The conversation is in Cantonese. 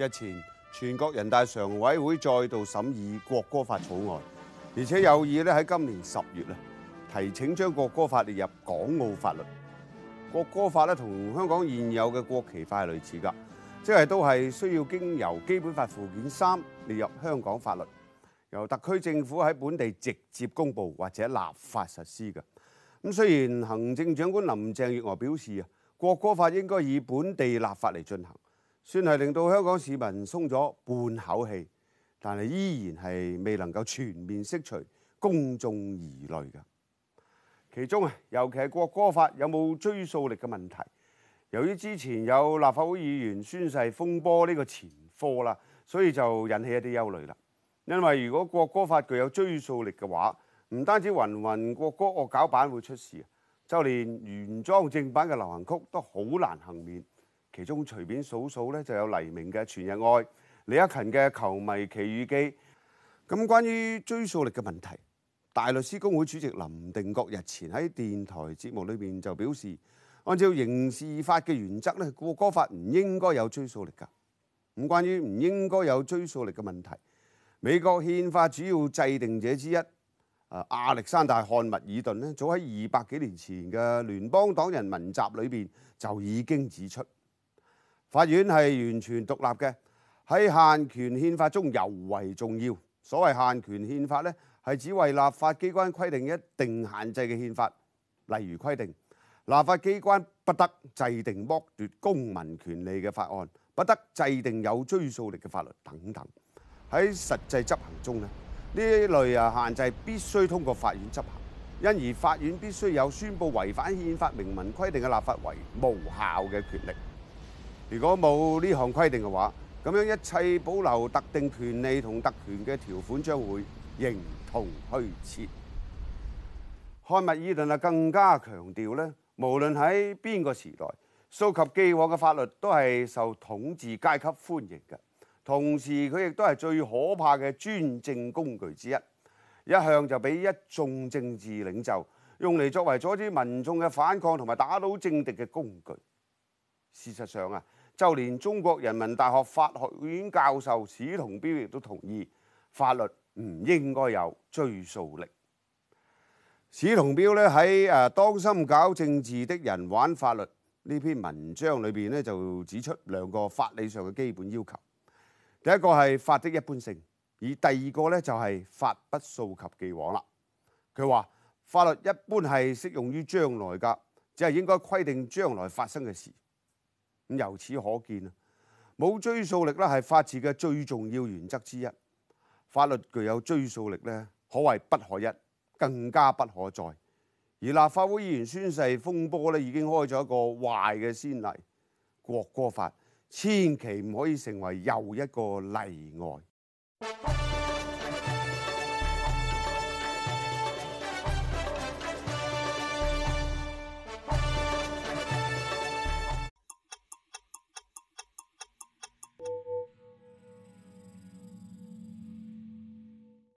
日前，全國人大常委會再度審議國歌法草案，而且有意咧喺今年十月咧提請將國歌法列入港澳法律。國歌法咧同香港現有嘅國旗法係類似㗎，即係都係需要經由基本法附件三列入香港法律，由特區政府喺本地直接公布或者立法實施㗎。咁雖然行政長官林鄭月娥表示啊，國歌法應該以本地立法嚟進行，算係令到香港市民鬆咗半口氣，但係依然係未能夠全面釋除公眾疑慮嘅。其中啊，尤其係國歌法有冇追溯力嘅問題。由於之前有立法會議員宣誓風波呢個前科啦，所以就引起一啲憂慮啦。因為如果國歌法具有追溯力嘅話，唔單止芸芸國歌惡搞版會出事，就連原裝正版嘅流行曲都好難幸免。其中隨便數數咧，就有黎明嘅《全日愛》，李克勤嘅《球迷奇遇記》。咁關於追溯力嘅問題，大律師公會主席林定國日前喺電台節目裏邊就表示，按照刑事法嘅原則咧，國歌法唔應該有追溯力㗎。咁關於唔應該有追溯力嘅問題，美國憲法主要制定者之一啊亞歷山大漢密爾頓咧，早喺二百幾年前嘅聯邦黨人文集裏邊就已經指出。法院係完全獨立嘅，喺限權憲法中尤為重要。所謂限權憲法呢，係指為立法機關規定一定限制嘅憲法，例如規定立法機關不得制定剝奪公民權利嘅法案，不得制定有追溯力嘅法律等等。喺實際執行中呢，呢一類啊限制必須通過法院執行，因而法院必須有宣佈違反憲法明文規定嘅立法為無效嘅權力。如果冇呢項規定嘅話，咁樣一切保留特定權利同特權嘅條款將會形同虛設。漢密爾頓啊，更加強調咧，無論喺邊個時代，溯及既往嘅法律都係受統治階級歡迎嘅，同時佢亦都係最可怕嘅專政工具之一，一向就俾一眾政治領袖用嚟作為阻止民眾嘅反抗同埋打倒政敵嘅工具。事實上啊～就連中國人民大學法學院教授史同彪亦都同意，法律唔應該有追溯力。史同彪咧喺《誒當心搞政治的人玩法律》呢篇文章裏邊咧，就指出兩個法理上嘅基本要求。第一個係法的一般性，而第二個呢就係法不溯及既往啦。佢話法律一般係適用於將來噶，只係應該規定將來發生嘅事。咁由此可見啊，冇追溯力啦，係法治嘅最重要原則之一。法律具有追溯力咧，可謂不可一，更加不可再。而立法會議員宣誓風波咧，已經開咗一個壞嘅先例。國歌法千祈唔可以成為又一個例外。